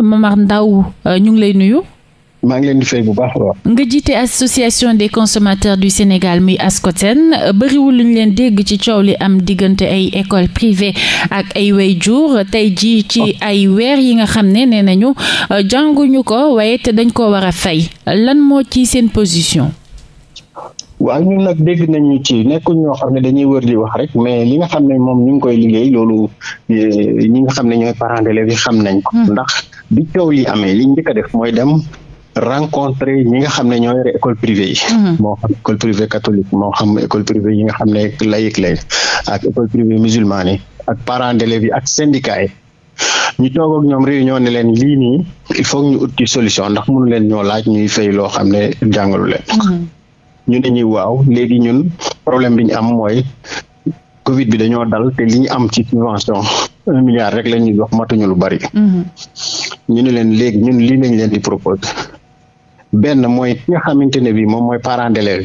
Momar ndaw euh, ñu ngi lay nuyu. maa ngi leen di fay bu baax nga jiite association des consommateurs du Sénégal muy ASCOSEN euh, bariwul lu ñu leen dégg ci coow li am diggante ay école privée ak ay way waajur tey jii ci oh. ay weer yi nga xam ne nee nañu euh, jànguñu ko waaye te dañ ko war a lan moo ci seen position. waaw ñu nag dégg nañu ci nekkuñ ñoo xam ne dañuy wër li wax rek mais li nga xam ne moom ñu ngi koy liggéey loolu eh, ñi nga xam ne ñooy parents d'élèves yi xam nañ ko hmm. ndax. bi coow li amee li njëkk a def mooy dem rencontre ñi nga xam ne ñoo école privée yi mhm. moo xam école privée catholique moo xam école privée nga xam ne laïque lay ak école privée musulmane yi ak parents d'élèves yi ak syndicat yi ñu toog ak ñoom réunion ne leen lii nii il faut ñu ut ci solution ndax mënu leen ñoo laaj ñuy fay loo xam ne jàngalu leen mhm. ñu ne ñuy waaw léegi ñun problème bi ñu am mooy covid bi dañoo dal te li ñu am ci subvention un milliard rek la ñuy jox matuñu lu bari mhm. ñu ne leen léegi ñun lii lañ leen di proposer benn mooy ki nga xamante ne bi moom mooy parent d'élève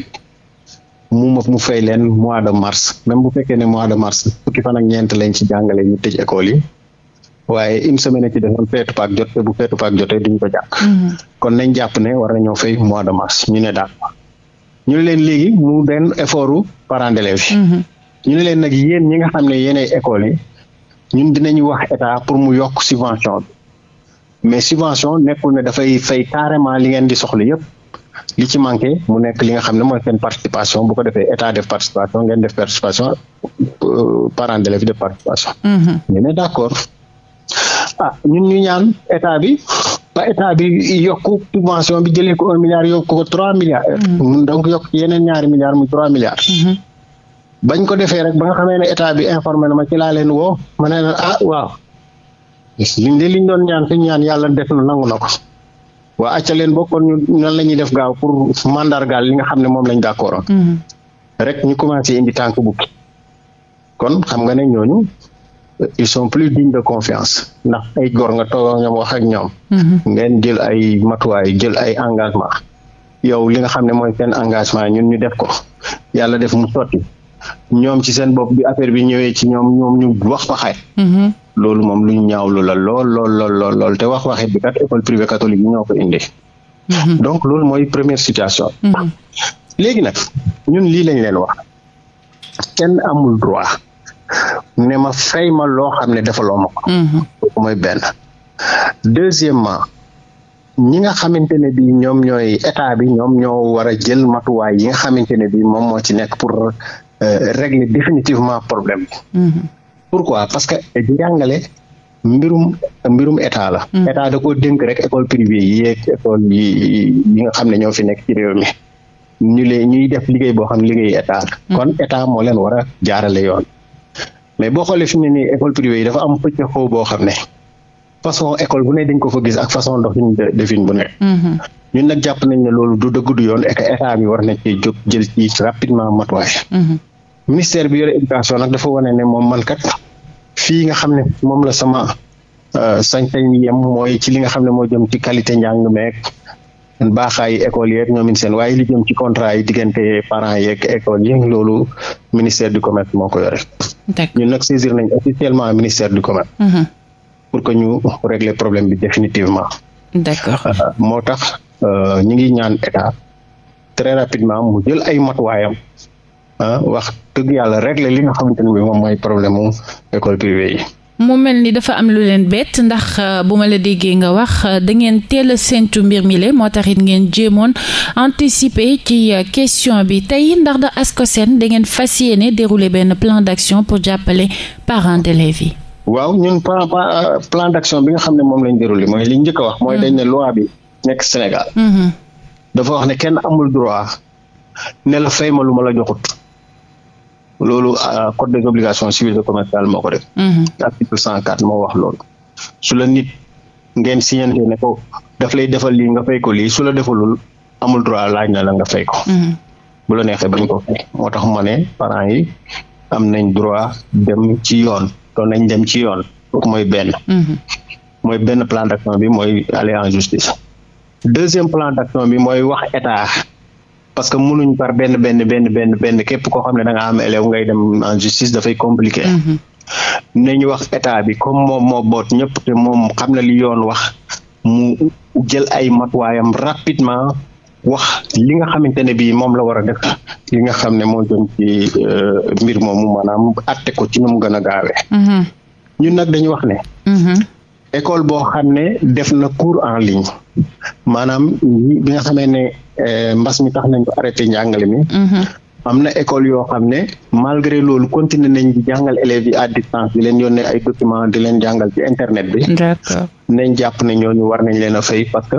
bi mu mu fay leen mois de mars même bu fekkee ne mois de mars fukki fan ak ñeent lañ ci jàngale ñu tëj école yi waaye une semaine ci defoon feetu paak jot te bu feetu paak jotee duñ ko jàpp mm-hmm. kon nañ jàpp ne war nañoo fay mois de mars ñu ne daal ñu ne leen léegi mu benn effortu parent d'élève yi mm-hmm. ñu ne leen nag yéen ñi nga xam ne yéenay école yi ñun dinañu wax état pour mu yokk subvention bi mais subvention nekkul ne dafay fay carrément li ngeen di soxla yëpp li ci manqué mu nekk li xam ne mooy seen participation bu ko defee état def participation ngeen def participation euh, parents d'élèves yi def participation. Mhm. ñu ne d'accord ah ñun ñu état bi ba état bi yokku subvention bi jëlee ko un milliard yokk ko trois milliards. Mhm. mun trois milliards. Mhm. bañ ko defee rek ba nga xamee ne état bi informé na ma ci laa ma ne leen ah, waaw. liñ de liñ doon ñaan fi ñaan yàlla def na nangu na ko waa acca leen bokkoon ñu nan la ñuy def gaaw pour mandargaal li nga xam ne moom lañ d'accord mm-hmm. rek ñu commencé indi tànk bukki kon xam nga ne ñooñu ils sont plus dignes de confiance ndax ay góor nga toog ñoom wax ak ñoom mm-hmm. ngeen jël ay matuwaay jël ay engagement yow li nga xam ne mooy seen engagement ñun ñu def ko yàlla def mu sotti ñoom ci seen bopp bi affaire bi ñëwee ci ñoom ñoom ñu wax waxaay loolu moom lu ñu ñaawlu la lool lool lool lool lool te wax waxit bi kat école privée catholique yi ñoo ko indi mm-hmm. donc loolu mooy première situation mm-hmm. léegi nag ñun lii lañ leen wa kenn amul droit ne ma fay ma loo xam ne defaloo ma mm-hmm. mooy benn deuxièmement ñi nga xamante ne bi ñoom ñooy état bi ñoom ñoo war a jël matuwaay yi nga xamante ne bi moom moo ci nekk pour euh, régler définitivement problème pourquoi parce que jàngale mbirum mbirum état la. Mm. état da koo dénk rek école privée yi yeeg école yi yi nga xam ne ñoo fi nekk ñu leen ñuy def liggéey boo xam liggéey état mm. kon état moo leen war a jaarale yoon. mais boo xoole fi mu ne nii école privée yi dafa am pëccëxoo boo xam ne façon école bu ne dañ ko fa gis ak façon doxin defin bu ne. Mm-hmm. ñun nag jàpp nañ ne loolu du dëgg du yoon et que état bi war jël ci rapidement matuwaay. Mm-hmm. ministère bi yore éducation nag dafa wane ne moom man kat fii nga xam ne moom la sama euh, sañ-sañ yem mooy ci li nga xam ne moo jëm ci qualité njàng meek baaxaayu école yeeg ñoom it seen waaye li jëm ci contrat yi diggante parents yeeg école yi loolu ministère du commerce moo ko yore. ñun nag saisir nañ officiellement ministère du commerce. Mm-hmm. pour que ñu régler problème bi définitivement. d'accord euh, moo tax euh, ñu ngi ñaan état très rapidement mu jël ay matuwaayam ah wax dëgg yàlla régler li nga xamante ne bi moom mooy problème mu école privée yi. mu mel ni dafa am lu leen bett ndax euh, bu ma la déggee nga wax euh, da ngeen teel a séntu mbir mi le moo tax it ngeen jéemoon anticiper ci euh, question bi tey ndax da ASCOSEN da ngeen fas yéene dérouler benn plan d'action pour jàppale parents d'élèves yi. waaw ñun plan plan d'action bi nga xam ne moom lañ déroulé mooy li njëkk a wax. mooy mm-hmm. dañ ne loi bi nekk Sénégal. Mm-hmm. dafa wax ne kenn amul droit ne la ma lu ma la joxut. loolu euh, code des obligations civiles et commerciales moo ko def. Mhm. article cent quatre moo wax loolu. su la nit ngeen signante ne ko daf lay defal lii nga fay ko lii su la defalul amul droit laaj na la nga fay ko. Mhm. bu ne neexee ko moo tax ma ne parents yi am nañ droit dem ci yoon doon nañ dem ci yoon kooku mooy benn. Mhm. mooy benn plan d' action bi mooy aller en justice. deuxième plan d' bi mooy wax état. parce que mënuñ par benn benn benn benn benn képp koo xam ne da nga am élève ngay dem en justice dafay compliqué. Mhm. nañu wax état bi comme moom moo boot ñëpp te moom xam na li yoon wax mu jël ay matuwaayam rapidement wax li nga xamante ne bii moom la war a def li nga xam ne moo jëm ci euh, mbir moomu maanaam atte ko ci nu mu gën a gaawee. Mhm. ñun nag dañu wax ne. Mhm. école boo xam ne def na cours en ligne maanaam bi nga xamee ne eh, mbas mi tax nañ ko arrêté njàngale mi mhm. am na école yoo xam ne malgré loolu continuer nañ di jàngal élèves yi à distance di leen yónnee ay documents di leen jàngal ci internet bi nañ jàpp ne ñooñu war leen a fay que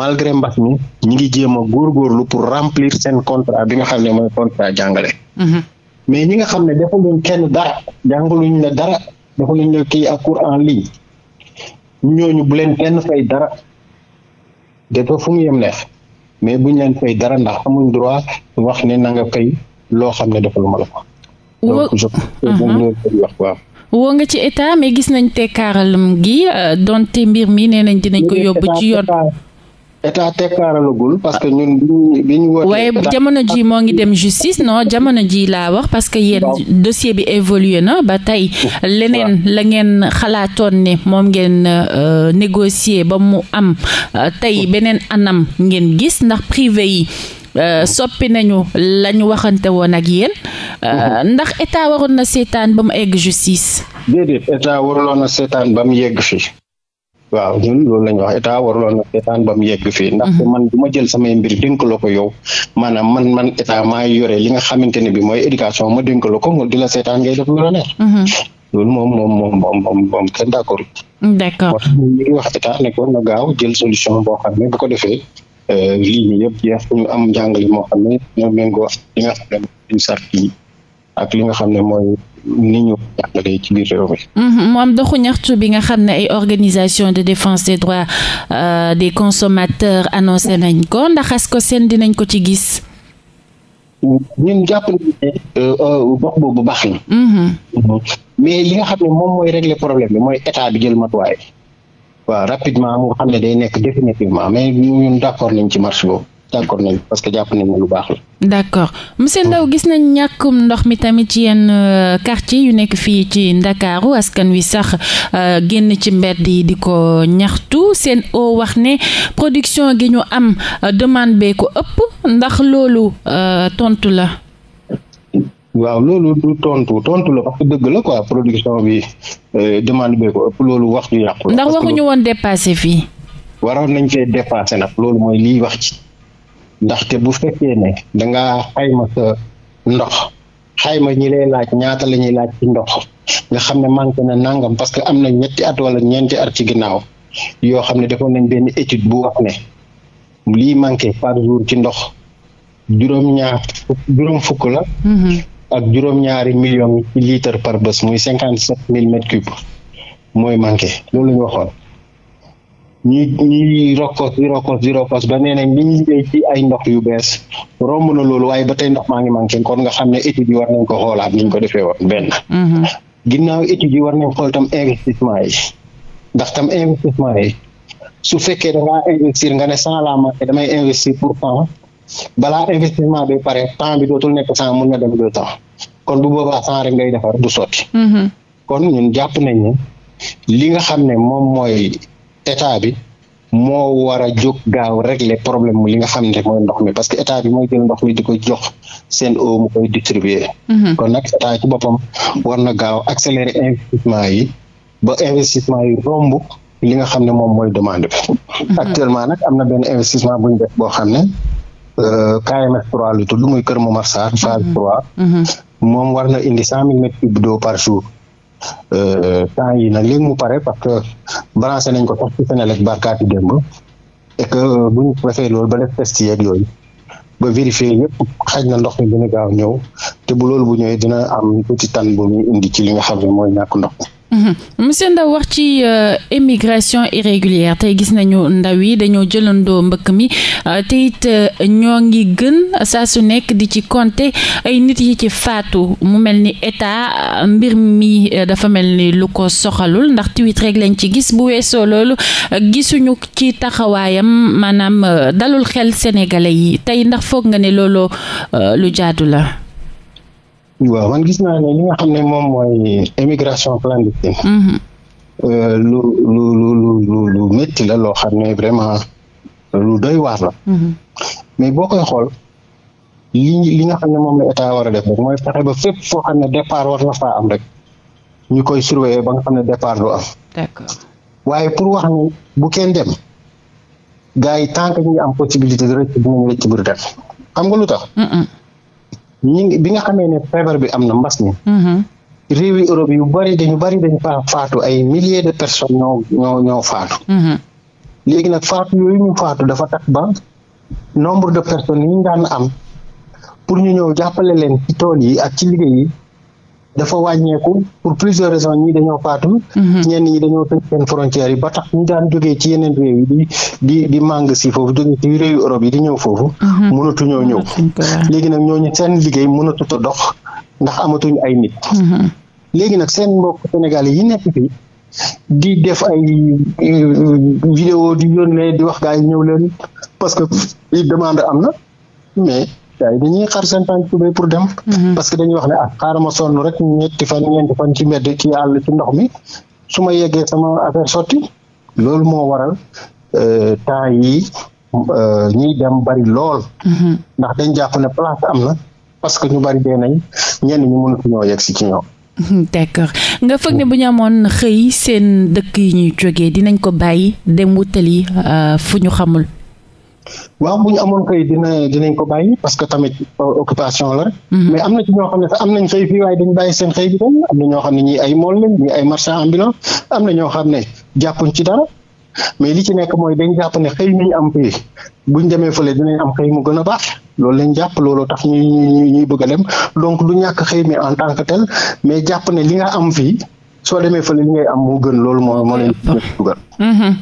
malgré mbas mi ñi ngi jéem a góorgóorlu pour remplir seen contrat bi nga xam ne mooy contrat jàngale mhm. mais nga xam ne defaluñ kenn dara jàngaluñ la dara defaluñ la kii cours en ligne ñooñu bu leen kenn fay dara dafa fu mu mais buñ leen fay dara ndax amuñ droit wax ne na nga fay loo xam ne dafa lu ma la ko. donc je uh-huh. wax waaw. woo nga ci état mais gis nañ tekkaaral gi euh, donte mbir mi nee nañ dinañ ko yóbbu ci yoon. état tekkaaralagul parce waaye jamono ji moo ngi dem justice non jamono ji laa wax parce que yéen dossier bi évolué na ba tey leneen la ngeen xalaatoon ne moom ngeen euh, négocier ba mu am euh, tey beneen anam ngeen gis ndax privé yi euh, soppi nañu la ñu waxante woon ak yéen ndax état waroon na seetaan ba mu egg justice déedéet état waruloon waaw ñun lool la wa wax état waruloon na seetaan ba mu yegg fii. ndaxte mhm. man bu ma jël samay mbir dénk la ko yow maanaam man man état maa yore li nga xamante ne bi mooy éducation ma dénk la ko di la seetaan ngay def lu la neex. Mhm. loolu moom moom moom moom moom kenn d'accord. d'accord ñu ngi wax état ne ko na gaaw jël solution boo xam ne bu ko defee euh, lii nii yëpp jeex ñu am njàngale moo xam ne ñoo méngoo li nga ak li nga xam ne mooy ni ñu ci biir réew moom mhm, doxu ñaxtu bi nga xam ne ay organisation de défense des droits euh, des consommateurs annoncé nañ ko ndax est-ce que seen dinañ ko ci gis. ñun jàpp nañu ne euh, euh, baax na. Mhm. mais li nga xam ne moom mooy régler problème bi mooy état bi jël matuwaay. waa rapidement mu xam ne day nekk définitivement mais ñun d'accord nañ ci marché boobu. d' parce que jàpp nañ lu baax la. d' accord monsieur Ndao gis nañ ñàkkum ndox mi tamit ci yenn euh, quartier yu nekk fii ci Ndakaaru askan wi sax euh, génn ci mbedd yi di ko ñaxtu seen o wax ne production gi ñu am euh, demande bee ëpp ndax loolu tontu la. waaw loolu du tontu tontu la parce que dëgg la ko production bi demande bee ëpp loolu wax ju yàqu. ndax waxuñu woon dépassé fii. waroon nañ fee dépassé nag loolu mooy liy wax ci. ndaxte bu fekkee ne danga xayma ndox xayma ñi lay laaj ñaata la ñuy laaj ci ndox nga xam ne manqué na nangam parce que am na ñetti at wala ñeenti at ci ginnaaw yoo xam ne defoon nañ benn étude bu wax ne lii manqué par jour ci ndox juróom-ñaar fukk la. Mhm. juróom-ñaari millions ci litre par bés muy cinquante sept mille mètres cubes mooy manqué loolu la waxoon. ñuy ñuy rokkos di rokkos di ba nee nañ li ñuy béy ci ay ndox yu bees romb na loolu waaye ba te ndox maa ngi manqué kon nga xam ne études yi ko xoolaat ni ko defee woon benn. Mm-hmm. ginnaaw études yi war nañ xool tam investissement yi ndax tam investissement yi su fekkee da ngaa investir nga ne cent la manqué damay investir pour cent balaa investissement bi pare temps bi dootul nekk cent mun na dem deux ta kon bu boobaa cent rek ngay defar du sotti. Mm-hmm. kon ñun jàpp nañ li nga xam ne moom mooy. état bi moo war a jóg gaaw régler problème mu li nga xam ne mooy ndox mi parce que état bi mooy jël ndox mi di koy jox seen eau mu koy distribuer. Mhm. kon nag état ci boppam na gaaw accélérer investissement yi ba investissement yi romb li nga xam ne moom mooy demande bi. Mhm. actuellement nag am na benn investissement bu ñu def boo xam ne. KMS 3 lu tudd muy Kër Momar Sarr phase 3. Mhm. moom war na indi cent mille d'eau par jour. Euh, temps yi nag léegi mu pare parce que branché nañ ko tax ci Senelec barkaati démb et que bu ñu defee loolu ba def test yeeg yooyu ba vérifier yëpp xaj na ndox mi dina gaaw ñëw te bu loolu bu ñëwee dina am tuuti tànn bu muy indi ci li nga xam ne mooy ñàkk ndox Mhm. monsieur Ndao wax ci immigration euh, irrégulière tey gis nañu ndaw yi dañoo jëlandoo mbëkk mi euh, te it euh, ñoo ngi gën saa su nekk di ci compter ay nit yi ci faatu mu mel ni état mbir mi dafa mel ni lu ko soxalul ndax tweet rek lañ ci gis bu weesoo loolu gisuñu ci taxawaayam maanaam dalul xel sénégalais yi tey ndax foog nga ne looloo lu jaadu la. waaw man gis naa ne li nga xam ne moom mooy émigration clandestine. Mm-hmm. Euh, lu lu lu lu lu métti la loo xam ne vraiment lu doy waar la. Mm-hmm. mais boo koy xool li li nga xam ne moom la état war a def rek mooy fexe ba fépp foo xam ne départ war na faa am rek ñu koy surveiller ba nga xam ne départ du am. waaye pour wax ne bu kenn dem gars yi tant que ñu am possibilité de rëcc dinañ rëcc bu def xam nga lu tax. ñi bi nga xamee ne feebar bi am na mbas mi. Mm-hmm. réew yi Europe yu bari dañu bari dañu faa faatu ay milliers de personnes ñoo ñoo ñoo faatu. Mm-hmm. léegi nag faatu yooyu ñu faatu dafa tax ba nombre de personnes yi ñu daan am pour ñu ñëw jàppale leen ci tool yi ak ci liggéey yi. dafa wàññeeku pour plusieurs raisons ñii dañoo faatu. Mhm. ñenn ñi dañoo tëj seen frontières yi ba tax ñu daan jógee ci yeneen réew yi di di màng si foofu jógee ci réewu Europe yi di ñëw foofu. Mhm. mënatuñoo ñëw. Mhm. léegi nag ñooñu seen liggéey mënatut a dox ndax amatuñu ay nit. léegi nag seen mbokk Sénégal yi nekk fii di def ay vidéo di yónnee di wax gaa yi ñëw leen parce que li demande am na mais. gars yi dañuy xar seen tànk tubéy pour dem. Mhm. parce que dañuy wax ne ah xaaral ma sonn rek ñetti fan ñeenti fan ci mbedd ci àll ci ndox mi su ma yeggee sama affaire sotti loolu moo waral euh, temps yi euh, ñiy dem bari lool. Mhm. ndax dañ jàpp ne place am na parce que ñu bari dee nañ ñenn ñu mënatu ñoo yegg ci ñoom. Mhm, nga foog ne bu ñu xëy seen dëkk yi ñuy jógee dinañ ko bàyyi dem wutali euh, fu ñu xamul. waaw bu ñu amoon kay dina dinañ ko bàyyi parce que tamit occupation la rek. Mhm. mais am na ci ñoo xam ne sax am nañ xëy fii bàyyi seen xëy bi dem am na ñii ay mool lañ ñii ay marchand ambulant am na ñoo xam ne jàppuñ ci dara mais li ci nekk mooy dañ jàpp ne xëy mi ñu am fii buñ demee fële dinañ am xëy mu gën a baax loolu lañ jàpp looloo tax ñuy ñuy ñuy a dem donc lu ñàkk xëy mi en tant que tel mais jàpp ne li nga am fii. soo demee fële li ngay am moo gën loolu moo moo leen dugal. Mhm.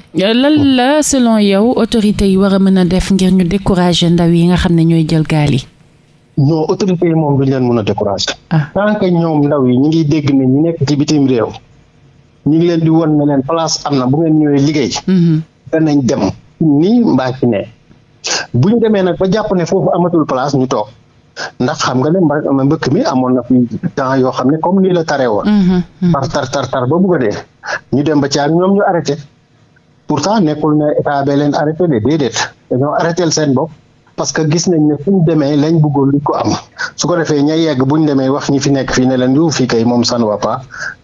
lan la selon yow autorités yi war a mën a def ngir ñu décourager ndaw yi nga xam ne ñooy jël gaal yi. non autorités yi moom duñ leen mën a décourager. Ah. tant que ñoom ndaw yi ñu ngi dégg ne ñu nekk ci bitim réew. ñu ngi leen di won ne leen place am na bu ngeen ñëwee liggéey. Mhm. danañ dem. nii mbaa ci ne. bu ñu demee nag ba jàpp ne foofu amatul place ñu toog. ndax xam nga ne mba mbëkk mi amoon na fi yoo xam ne comme nii la tare woon par mm-hmm, mm-hmm. tar tar tar ba bugg a dee ñu dem ba ci ak ñoom ñu arrêté pourtant nekkul ne état bee leen arrêté de déedéet dañoo arrêté seen bopp parce que gis nañ ne fu demee lañ bëggoon luñ ko am su ko defee ña yegg bu ñu demee wax fi nekk fii ne leen yu fii kay moom san wa pa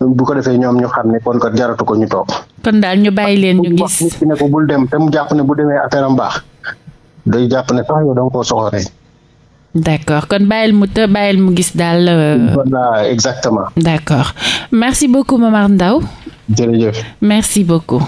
bu ko defee ñoom ñu xam ne kon kat jaratu ko ñu toog. kon daal ñu bàyyi leen ñu gis. te jàpp ne bu demee affaire am baax day jàpp ne sax yow da nga koo d'accord kon bàyyil mu të bàyyil mu gis daal. Euh, voilà exactement. d'accord merci beaucoup Momar Ndao. jërëjëf. merci beaucoup.